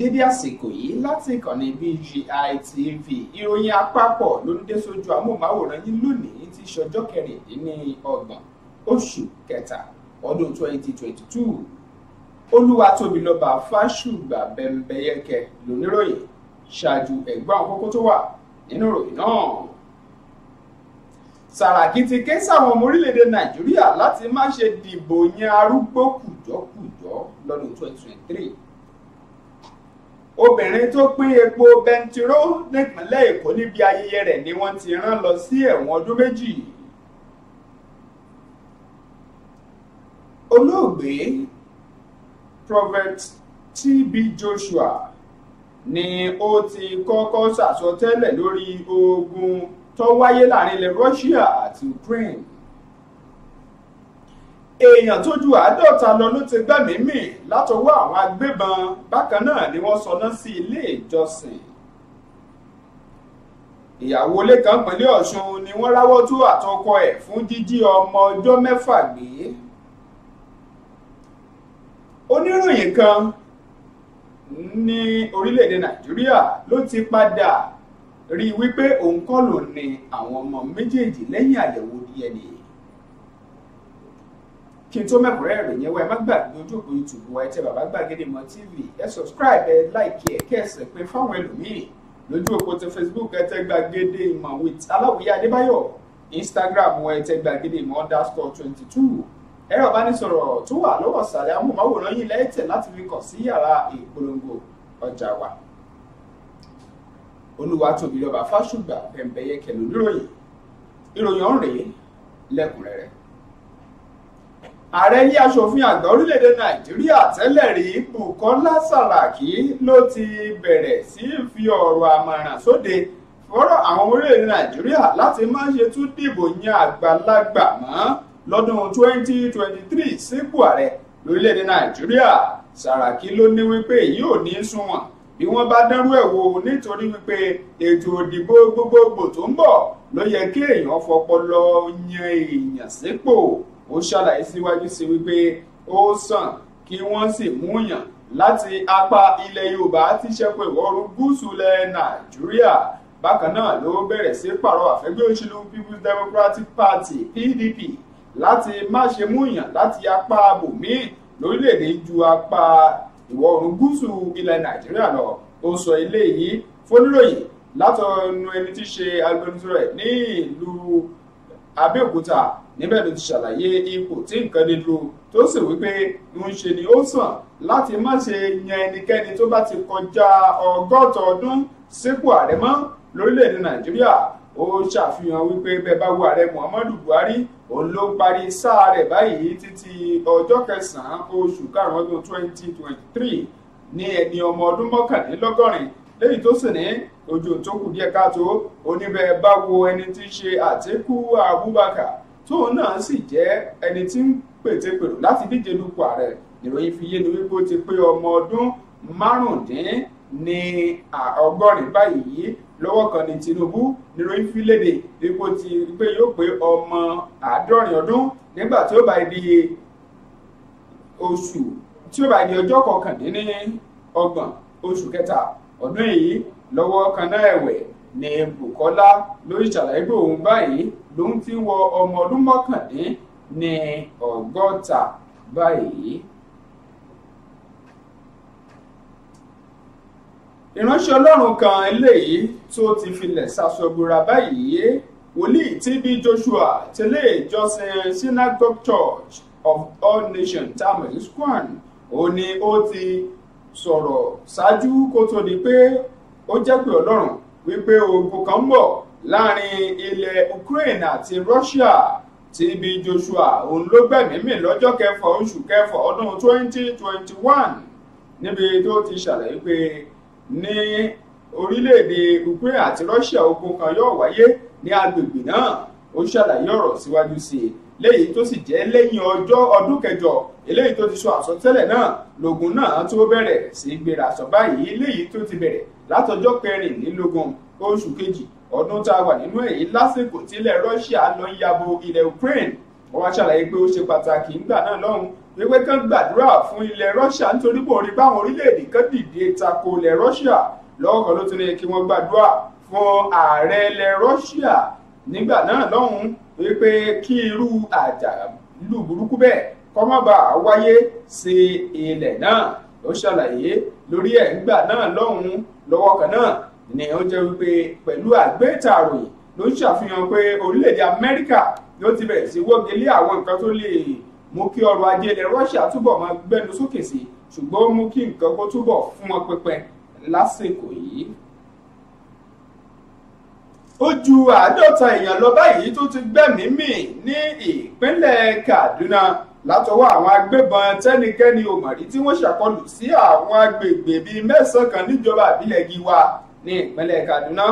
dédé àsìkò yìí láti ìkànnì BGI TV ìròyìn àpapọ̀ ló ń dé sójú amóhùnmáwòrán yín lónìí tí í ṣọjọ́ kẹrìndínlọ́gbọ̀n oṣù kẹta ọdún 2022 olúwatóbilọ́ba fáṣùgbà bẹ̀m̀bẹ̀yẹkẹ lóníròyìn ṣáájú ẹ̀gbọ́n àwọn kókó tó wà nínú ìròyìn náà. Sàràkí ti ké sáwọn ọmọ orílẹ̀-èdè Nàìjíríà láti má ṣe dìbò yan arúgbó kùjọ́kùjọ́ lọ́dún 2023 obìnrin tó pín epo bẹntiró nípínlẹ̀ èkó níbi ayẹyẹ rẹ̀ ni wọ́n ti rán lọ sí ẹ̀wọ̀n ọdún méjì. olóògbé prophet tb joshua ni ó ti kọ́kọ́ sàsọtẹ́lẹ̀ lórí ogun tó wáyé láàrin ilẹ̀ russia àti ukraine èèyàn tó ju àádọ́ta lọ ló ti gbẹ́mìí mì látọwọ́ àwọn agbébọn bákan náà ni wọ́n sọná sí ilé ìjọsìn ìyàwó ilé kan pínlẹ̀ Ọ̀ṣun ni wọ́n ráwọ́ tó àtọkọ ẹ̀ fún jíjí ọmọ ọjọ́ mẹ́fà gbé oníròyìn kan ní orílẹ̀-èdè Nàìjíríà ló ti padà rí i wípé òun kọ́ ló ní àwọn ọmọ méjèèjì lẹ́yìn àyẹ̀wò DNA kí n tó mẹ́kọ̀ọ́rẹ́ rẹ̀ yẹn wá ẹ má gbàgbé ojú òpó youtube wa ẹ tẹ bàbá gbàgede mọ tv ẹ subscribe ẹ like ẹ kẹsẹ̀ pé fáwọn ẹlòmíì lójú òpó tẹ facebook ẹ tẹ gbàgede ìmọ̀ with aláwòye adébáyọ̀ instagram wa ẹ tẹ gbàgede ìmọ̀ underscore twenty two ẹ̀rọ ìbánisọ̀rọ̀ tó wà lọ́wọ́ sàlẹ̀ amóhùnmáwòrán yìí lẹ́tẹ̀ láti fi kàn sí yàrá ìpolongo ọjà wa olúwatóbi lọ́ba fásùgbà bẹ̀m̀bẹ̀yẹkẹ lóníròyìn ìròyìn ọ̀rẹ́ lẹ́kùnrẹ́rẹ́ ààrẹ ilé aṣòfin àgbà orílẹ̀-èdè nàìjíríà tẹ́lẹ̀ rí bùkọ́lá sàràkí ló ti bẹ̀rẹ̀ sí í fi ọ̀rọ̀ àmàràn sóde fọ́rọ̀ àwọn orílẹ̀-èdè nàìjíríà láti má ṣe tún dìbò yan àgbàlagbà mọ́ lọ́dún 2023 sípò ààrẹ lórílẹ̀-èdè nàìjíríà sàràkí ló ní wípé èyí ò ní sunwọ̀n bí wọ́n bá dánrú ẹ̀ wò nítorí wípé ètò òdìbò gbogbogbò tó ń bọ̀ ló yẹ kí èèyàn fọpọlọ yan èèyàn sípò ó ṣàlàyé síwájú sí wípé ó sàn kí wọ́n sì múyàn láti apá ilẹ̀ yorùbá tí ṣẹ́kù ìwọ̀ oòrùn gúúsù ilẹ̀ nàìjíríà bákan náà ló bẹ̀rẹ̀ sí pàrọwà fẹ́gbẹ́ òṣèlú people's democratic party pdp láti má ṣe múyàn láti apá bòmíì lórílẹ̀‐èdè ju apá ìwọ̀ oòrùn gúúsù ilẹ̀ nàìjíríà lọ ó sọ eléyìí fóníròyìn látọ̀nu ẹni tí ṣe agbẹnusọ rẹ̀ ní ìlú abẹ́òkúta níbẹ̀ ló ti ṣàlàyé ipò tí nǹkan dé dúró tó sì wípé ń ṣe ni ó sàn láti má ṣe yan ẹnikẹ́ni tó bá ti kọjá ọgọ́ta ọdún sípò ààrẹ mọ́ lórílẹ̀‐èdè nàìjíríà ó ṣàfihàn wípé bẹ́ẹ̀ bá wo ààrẹ muhammadu buhari òun ló ń parí sáà rẹ̀ báyìí títí ọjọ́ kẹsàn-án oṣù karùn-ún ọdún twenty twenty three ní ẹni ọmọ ọdún mọ́kànlélọ́gọ́rin lẹ́yìn tó sì ní ojú tó kù díẹ̀ káàtó oníbẹ̀ẹ́ bá wo ẹni tí ń ṣe àtíkú abubakar tóun náà sì jẹ́ ẹni tí ń pètepèrò láti díje dupò ààrẹ ìròyìn fi yé ni wípé ó ti pé ọmọ ọdún márùndín ní ọgọ́rin báyìí lọ́wọ́ kan ní Tinubu níròyìn fi léde wípé ó ti pé yóò pé ọmọ àádọ́rin ọdún nígbà tí ó bá di oṣù tí ó bá di ọjọ́ kọkàndínní ọgbọ̀n oṣù kẹta ọdún yìí lọ́wọ́ kan náà ẹ̀wẹ̀ ní Bùkọ́lá lórí ṣàlàyé pé òun báyìí lòun ti ń wọ ọmọ ọdún mọ́kàndín ní ọgọ́ta báyìí. ìránṣẹ́ ọlọ́run kan eléyìí tó ti filẹ̀ ṣàṣọgbòrà báyìí wòlíì T.B. Joshua tẹ̀lé ìjọsìn Synagogue Church of All Nations tamil squan ó ní ó ti sọ̀rọ̀ ṣáájú kó tó di pé ó jẹ́ pé ọlọ́run wípé ogun kan ń bọ̀ láàrin ilẹ̀ Ukraine àti Russia TB Joshua òun ló gbẹ̀mímì lọ́jọ́ kẹfà oṣù kẹfà ọdún 2021 níbi tó ti ṣàlàyé pé ní orílẹ̀-èdè Ukraine àti Russia ogun kan yóò wáyé ní agbègbè náà ó ṣàlàyé ọ̀rọ̀ síwájú sí i léyìí tó sì jẹ́ lẹ́yìn ọjọ́ ọdún kẹjọ eléyìí tó ti sọ àsọtẹ́lẹ̀ náà lògùn náà tó bẹ̀rẹ̀ sí gbéra sọ báyìí léyìí tó ti bẹ̀rẹ̀ látọjọ́ kẹrìnlélógún oṣù kejì ọdún tá a wà nínú èyí lásìkò tílẹ̀ Russia lọ ń yabo ilẹ̀ Ukraine wọ́n wá ṣàlàyé pé ó ṣe pàtàkì ńgbà náà lọ́hùn wípé kán gbàdúrà fún ilẹ̀ Russia nítorí pé orí báwọn orílẹ̀-èdè kan dìde tako ilẹ̀ Russia lọ́kàn ló ti ní kí wọ́n gbàdúrà fún ààrẹ ilẹ̀ Russia nígbà náà lọ́hùn wípé kí irú àjálù burúkú bẹ́ẹ̀ kó má bàa wáyé sí ilẹ̀ náà ló ṣàlàyé lórí ẹ̀ ńgbà náà lọ́hùn-ún lọ́wọ́ kan náà ni ó jẹ́ wípé pẹ̀lú àgbéta àròyìn ló ń ṣàfihàn pé orílẹ̀-èdè amẹ́ríkà ló ti bẹ̀rẹ̀ sí wọ́gi lé àwọn nǹkan tó lè mú kí ọrọ̀ ajé ilẹ̀ russia túbọ̀ máa gbẹ́nu sókè sí ṣùgbọ́n mú kí nǹkan kó túbọ̀ fún wọn pẹpẹ lásìkò yìí ó ju àádọ́ta èèyàn lọ báyìí tó ti gbẹ́mìí mì ní ìpínlẹ̀ kaduna látọwọ́ àwọn agbébọn tẹ́nikẹ́ni ò mọ̀rí tí wọ́n ṣàkọlù sí àwọn agbègbè bíi mẹ́sàn-án kan níjọba ìbílẹ̀ Gíwá ní ìpínlẹ̀ Kaduna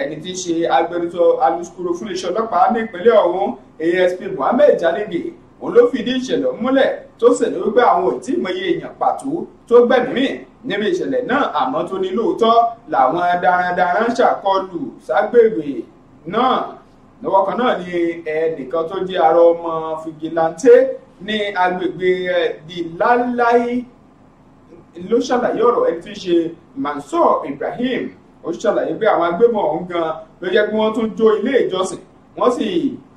ẹni tí í ṣe agbẹnusọ alukoro fún iléeṣẹ́ ọlọ́pàá nípínlẹ̀ ọ̀hún ASP Mohammed Jalebi òun ló fìdí ìṣẹ̀lẹ̀ múlẹ̀ tó ṣèlú wípé àwọn ò tí mọye èèyàn pàtó tó gbẹ̀mí níbi ìṣẹ̀lẹ̀ náà àmọ́ tó ní lóòótọ́ làwọn darandaran ṣàkọlù ságbègbè náà lọ́wọ́ kan náà ni ẹnìkan tó jẹ́ ará ọmọ fìgìláńtẹ́ ní agbègbè Bilalai eh, ló ṣàlàyé ọ̀rọ̀ ẹni tí ń ṣe Mansour Ibrahim ó ṣàlàyé pé àwọn agbébọn ọ̀hún gan ló jẹ́ pé wọ́n tún jó ilé ìjọsìn wọ́n sì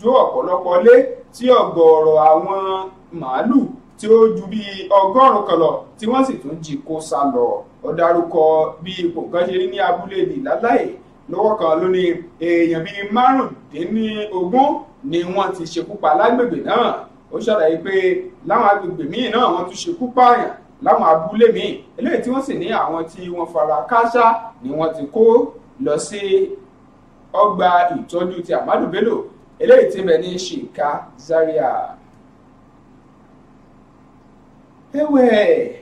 jó ọ̀pọ̀lọpọ̀ lé tí ọ̀gọ̀ọ̀rọ̀ àwọn màálù tí ó ju bíi ọgọ́rùn-ún kan lọ tí wọ́n sì tún jí kó sá lọ ó bí ipò kan ṣe ní abúlé Bilalai lọ́wọ́ kan ló ní èèyàn bíi márùndínlógún ni wọ́n ti ṣekú pa lágbègbè náà ó ṣàlàyé pé láwọn agbègbè míì náà wọ́n tún ṣekú pààyàn láwọn abúlé míì eléyìí tí wọ́n sì ní àwọn tí wọ́n fara kááṣá ni wọ́n ti kó lọ sí ọgbà ìtọ́jú ti Ahmadu Bello eléyìí tí bẹ̀ ní Ṣìkà Zaria. ẹ̀wẹ̀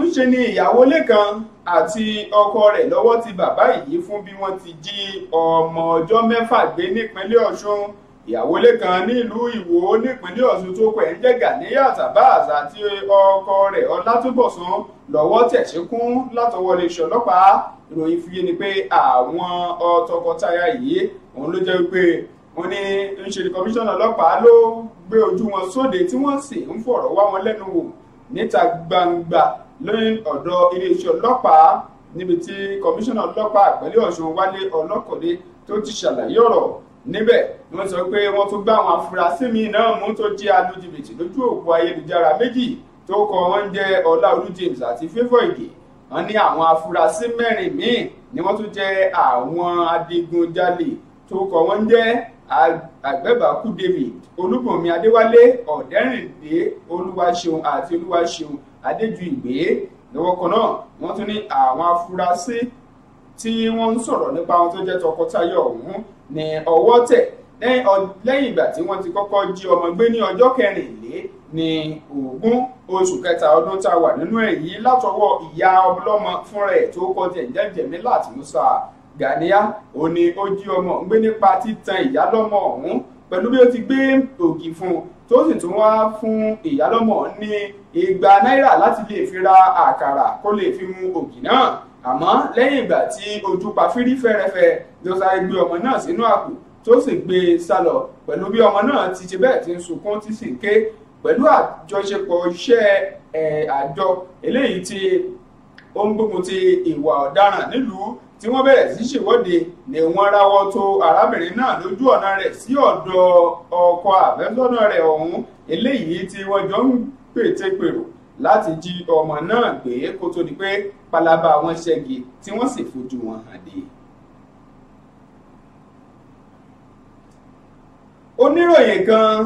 ń ṣe ni ìyàwó lẹ́kan àti ọkọ rẹ̀ lọ́wọ́ ti bàbá yìí fún bí wọ́n ti jí ọmọ ọjọ́ mẹ́fà gbé nípínlẹ̀ Ọ̀ṣun ìyàwó ilé kan ní ìlú ìwò nípínlẹ̀ ọ̀ṣun tó pẹ̀ ń jẹ́ Ganiyat Abbas àti ọkọ rẹ̀ ọlátúbọ̀sán lọ́wọ́ tẹ̀ síkún látọwọ́ iléeṣẹ́ ọlọ́pàá ìròyìn fi yé ni pé àwọn tọkọtaya yìí òun ló jẹ́ pé wọ́n ní ń ṣe ni kọmíṣánná ọlọ́pàá ló gbé ojú wọn sóde tí wọ́n sì ń fọ̀rọ̀ wá wọn lẹ́nu wò níta gbangba lóyún ọ̀dọ̀ iléeṣẹ́ ọlọ́pàá níbi tí kọmíṣánná ọlọ́pàá ìpínlẹ̀ ọ̀ṣun wálé ọlọ́kọ̀dé tó ti ṣàlàyé ọ̀rọ̀ níbẹ̀ ni wọ́n sọ pé wọ́n tún gbá àwọn afurasí míì náà mú tó jẹ́ alójìbìtì lójú òpó ayélujára méjì tó kọ wọn jẹ́ ọláolú james àti favour ige wọ́n ní àwọn afurasí mẹ́rin míì ni wọ́n tún jẹ́ àwọn adigunjalè tó kọ wọn jẹ́ àgbẹ̀bàkú david olúbùnmi adéwálé ọ̀dẹ́rìndé olúwaṣeun àti olúwaṣeun adéjúìgbé lọ́wọ́ kan náà wọ́n tún ní àwọn afurasí tí wọ́n ń sọ̀rọ̀ nípa wọn tó jẹ́ tọkọtaya ọ̀hún ní ọwọ́ tẹ̀ lẹ́yìn ìgbà tí wọ́n ti kọ́kọ́ jí ọmọ gbé ní ọjọ́ kẹrìnlé ní ogún oṣù kẹta ọdún tá a wà nínú ẹ̀ yìí látọwọ́ ìyá ọlọ́mọ fúnra ẹ̀ tó kọ́ tiẹ̀ jẹ́jẹ̀mí láti Musa Ganiya ó ní ó jí ọmọ gbé nípa títan ìyálọ́mọ ọ̀hún pẹ̀lú bí ó ti gbé ògì fún un tó sì tún wá fún ìyálọ́mọ ní igba náírà láti lè fi ra àkàrà kó lè fi mu ògì náà àmọ́ lẹ́yìn ìgbà tí ojú pa fírí fẹ́rẹ́fẹ́ ló sáré gbé ọmọ náà sínú àpò tó sì gbé e sá lọ pẹ̀lú bí ọmọ náà ti ṣe bẹ́ẹ̀ ti ń sunkún tí sì ń ké pẹ̀lú àjọṣepọ̀ iṣẹ́ àjọ eléyìí tí ó ń gbógun ti ìwà ọ̀daràn nílùú tí wọ́n bẹ̀rẹ̀ sí ṣèwọ́de ni wọ́n ráwọ́ tó arábìnrin náà lójú ọ̀nà rẹ̀ sí ọ̀dọ̀ ọkọ àfẹ́sọ́nà rẹ̀ ọ̀hún eléyìí tí wọ́n jọ ń pètè pèrò láti jí ọmọ náà gbé kó tó di pé palaba wọn ṣẹ́gi tí wọ́n sì fojú wọn hàn dé. oníròyìn kan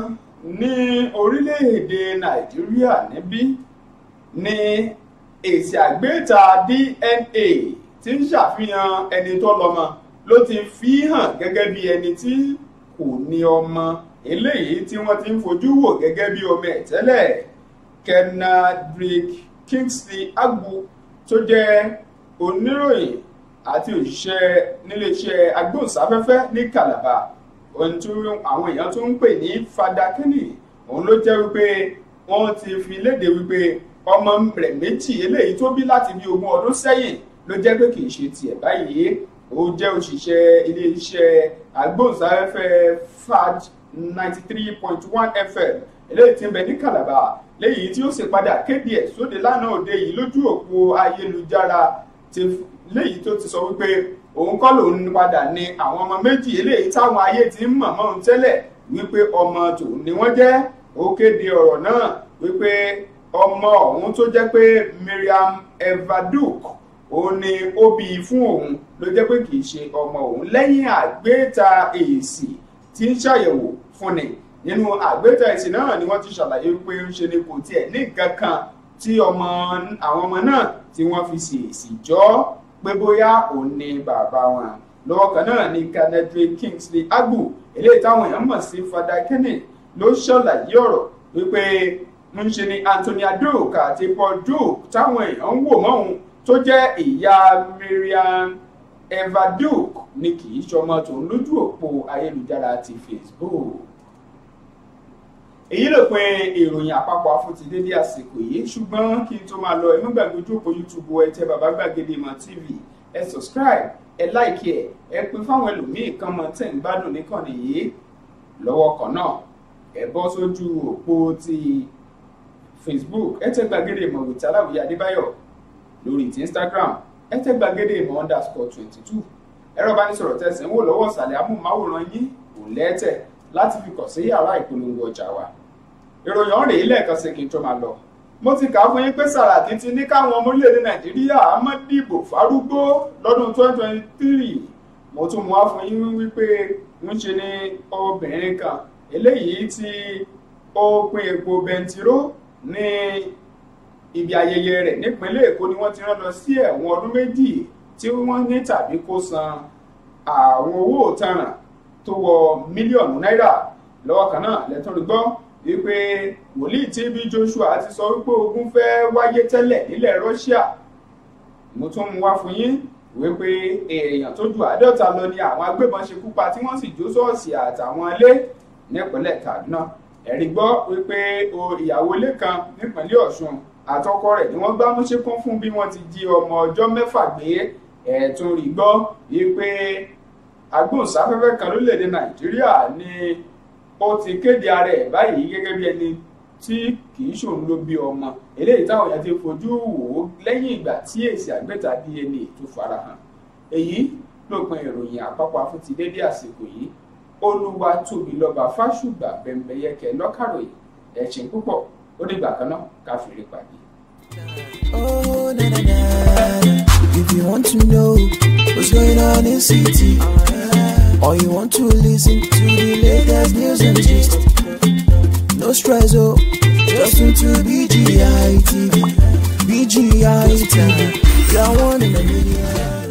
ní orílẹ̀-èdè nàìjíríà níbí ní èsì àgbéta DNA tí ń ṣàfihàn ẹni tó lọ́mọ ló ti fi hàn gẹ́gẹ́ bí ẹni tí kò ní ọmọ eléyìí tí wọ́n ti ń fojú wò gẹ́gẹ́ bí ọmọ ẹ̀ tẹ́lẹ̀ Kenadrick Kingsley Agbo tó jẹ́ oníròyìn àti òṣìṣẹ́ níléeṣẹ́ agbóhùnsáfẹ́fẹ́ ní Calabar ohun tí àwọn èèyàn tó ń pè ní Fada Kenny òun ló jẹ́ wípé wọ́n ti fi léde wípé ọmọ rẹ̀ méjì eléyìí tó bí láti bí ogún ọdún sẹ́yìn ló jẹ́ pé kì ṣe tiẹ̀ báyìí ó jẹ́ òṣìṣẹ́ iléeṣẹ́ agbóhùnsáfẹ́fẹ́ FAD ninety three point one FM eléyìí tí ń bẹ ní Calabar léyìí tí ó sì padà kéde ẹ̀ sóde lánàá òde yìí lójú òpó ayélujára léyìí tó ti sọ wípé òun kọ́ lòun padà ní àwọn ọmọ méjì eléyìí táwọn ayé ti ń mọ̀ mọ́ òun tẹ́lẹ̀ wípé ọmọ tòun ni wọ́n jẹ́ ó kéde ọ̀rọ̀ náà wípé ọmọ ọ̀hún tó jẹ́ pé Miriam Evaduk òun ni ó bí i fún òun ló jẹ́ pé kì í ṣe ọmọ òun lẹ́yìn àgbéta èsì tí ń ṣàyẹ̀wò fúnni nínú àgbétẹ̀ ẹ̀sìn náà ni wọ́n ti ṣàlàyé pé ń ṣe ni kò tiẹ̀ ní nǹkan kan tí ọmọ àwọn ọmọ náà tí wọ́n fi ṣèèṣì jọ pé bóyá òun ni bàbá wọn lọ́wọ́ kan náà ni Kennedy Kingsley Agbo eléyìí táwọn èèyàn mọ̀ sí Fada Kenny ló ṣàlàyé ọ̀rọ̀ wípé ń ṣe ni Anthony Duke àti Paul Duke táwọn èèyàn ń wò mọ́hun tó jẹ́ ìyá Miriam Eva Duke ni kì í ṣọmọ tòun lójú òpó ayélujára ti Facebook èyí ló pin ìròyìn àpapọ̀ afúntí dédé àsìkò yìí ṣùgbọ́n kí n tó máa lọ ẹ má gbàgbé ojú òpó youtube ẹ tẹ bàbá gbàgede ìmọ̀ tv ẹ subscribe ẹ like ẹ ẹ pín fáwọn ẹlòmíì kan mọ tẹ̀ ń gbádùn níkànnì yìí lọ́wọ́ kan náà ẹ bọ́ sójú òpó ti facebook ẹ tẹ gbàgede ìmọ̀ wìtí aláwìyé adébáyọ̀ lórí ti instagram ẹ tẹ gbàgede ìmọ̀ underscore twenty two ẹ̀rọ bá ní sọ̀rọ̀ tẹ̀sán wò lọ́wọ́ ìsàlẹ̀ amóhùnmáwòrán yín òun láti fi kàn sí yàrá ìpolongo ọjà wa ìròyìn ọ̀rìn ilé ẹ̀kan ṣe kí n tó máa lọ mo ti kà á fún yín pé Sàràkí ti ní káwọn ọmọ orílẹ̀-èdè Nàìjíríà á má lọ́dún 2023 mo tún mú wá fún yín wípé ń ṣe ni obìnrin kan eléyìí tí ó epo bẹntiró ní ibi ayẹyẹ rẹ̀ nípínlẹ̀ Èkó ni wọ́n ti rán lọ sí ẹ̀wọ̀n ọdún méjì tí wọ́n ní tàbí kó san àwọn owó òtanràn tó wọ mílíọ̀nù náírà lọ́wọ́ kan náà lẹ́tún rí gbọ́ wípé wòlíì TB Joshua ti sọ wípé ogun fẹ́ wáyé tẹ́lẹ̀ nílẹ̀ Russia mo tún mú wá fún yín wípé èèyàn tó ju àádọ́ta lọ ni àwọn agbébọn ṣekú pa tí wọ́n sì jó ṣọ́ọ̀ṣì àtàwọn ilé nípínlẹ̀ Kaduna ẹ̀rí gbọ́ wípé ìyàwó ilé kan nípínlẹ̀ Ọ̀ṣun àtọkọ rẹ̀ ni wọ́n gbá mú ṣekún fún bí wọ́n ti jí ọmọ ọjọ́ mẹ́fà gbé ẹ̀ẹ́tún rí gbọ́ wípé agbóhùnsáfẹ́fẹ́ kan lórílẹ̀‐èdè nàìjíríà ni ó ti kéde ara ẹ̀ báyìí gẹ́gẹ́ bí ẹni tí kì í ṣòun ló bí ọmọ eléyìí táwọn èèyàn ti fojú wò ó lẹ́yìn ìgbà tí èsì àgbẹ̀ta DNA tó farahàn èyí lópin ìròyìn àpapọ̀ afúntidédé àsìkò yìí olúwa tóbi lọ́ba fáṣùgbà bẹ̀m̀bẹ̀yẹkẹ lọ́kàròyìn ẹ̀sìn púpọ̀ ó dìgbà kan náà káfíìrì pàdé. Oh, na, If you want to know what's going on in city. Or you want to listen to the latest news and gist No stress, oh Just tune to BGI TV BGI TV You're one in a million